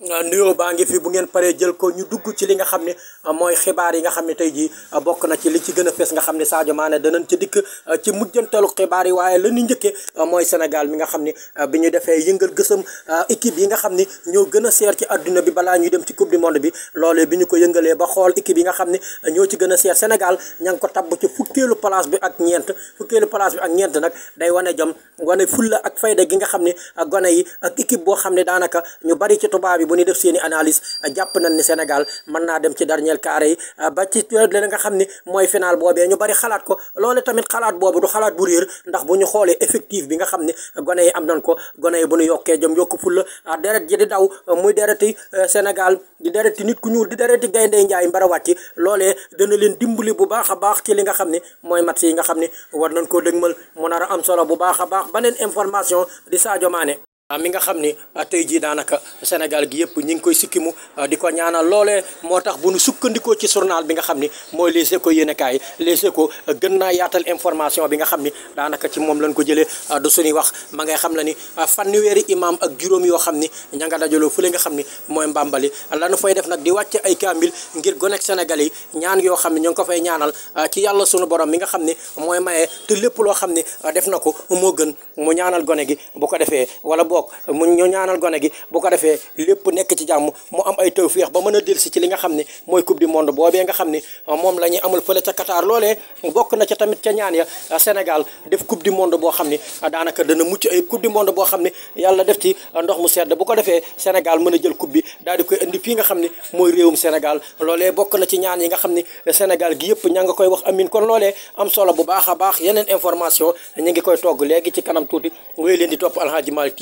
Euh, nuyoo baa ngi fi bu ngeen paree jël ko ñu dugg ci li nga xam ne euh, mooy xibaar yi nga xam ne tey jii euh, bokk na ci li ci gën a fees nga xam ne Sadio Mané danañ ci dikk ci mujjantalu xibaar yi waaye la ñu njëkkee mooy Sénégal mi nga xam ne bi ñu defee yëngal gësam équipe yi nga xam ni ñoo gën a seer ci adduna bi balaa ñuy dem ci coupe du monde bi loolee bi ñu ko yëngalee ba xool équipe yi nga xam ne ñoo ci gën a seer Sénégal ña ngi ko tabb ci fukkeelu place bi ak ñeent fukkeelu place bi ak ñeent nag day wane jom wane fulla ak fayda gi nga xam ne gone yi ak équipe boo xam ne daanaka ñu bari ci tubaab bu ñuy def seen analise analyse jàpp nañ ni Sénégal mën naa dem ci dernier carré yi ba ci leneen nga xam ni mooy final boobee ñu bari xalaat ko loole tamit xalaat boobu du xalaat bu réer ndax bu ñu xoolee effective bi nga xam ne gone yi am nañ ko gone yi bu nu yokkee jom yokku fulla ah, deret ji di daw muy dereti eh, Sénégal di dereti nit ku ñuul di dereti gaynde njaay mbara wàcc loolee dana leen dimbali bu baax a baax ci li nga xam ne mooy mat yi nga xam ne war nañ koo dëgmal mu nar a am solo bu baax a baax beneen information di Sadio Mané Ah, mi nga xam ni ah, tey jii daanaka Sénégal gi yëpp ñi ngi koy sikkimu ah, di ko ñaanal loole moo tax bu nu sukkandikoo ci journal bi nga xam ni mooy Les Échos yéenekaay Les Échos gën naa yaatal information bi nga xam ni daanaka ci moom lañ ko jëlee du suñuy wax ma ngay xam la ni fan fanweeri imaam ak juróom yoo xam ni ña nga dajaloo fële nga xam ni mooy mbàmbali lanu fay nag di wàcce ay kaamil ngir gonek Sénégal yi ñaan yoo xam ne ñu ngi ko fay ñaanal ci yàlla sunu borom mi nga xam ni mooy maye te lépp loo xam ni def na ko moo gën mu ñaanal gone gi bu ko defee wala boo toog mu ñu ñaanal gone gi bu ko defee lépp nekk ci jàmm mu am ay tawféex ba mën a delsi ci li nga xam ne mooy coupe du monde boobee nga xam ne moom la ñuy amul fële ca Qatar loolee bokk na ca tamit ca ñaan ya Sénégal def coupe du monde boo xam ne daanaka dana mucc ay coupe du monde boo xam ne yàlla def ci ndox mu sedd bu ko defee Sénégal mën a jël coupe bi daal di koy indi fii nga xam ne mooy réewum Sénégal loole bokk na ci ñaan yi nga xam ne Sénégal gi yëpp ña nga koy wax amin kon loole am solo bu baax a baax yeneen information ñu ngi koy togg léegi ci kanam tuuti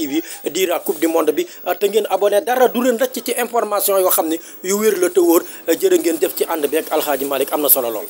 di bi diir ak coupe du monde bi ah, te ngeen abonné dara du leen rëcc ci information yoo xam ne yu wér la te wóor ah, ngeen def ci ànd bi ak alxaaji Malick am na solo lool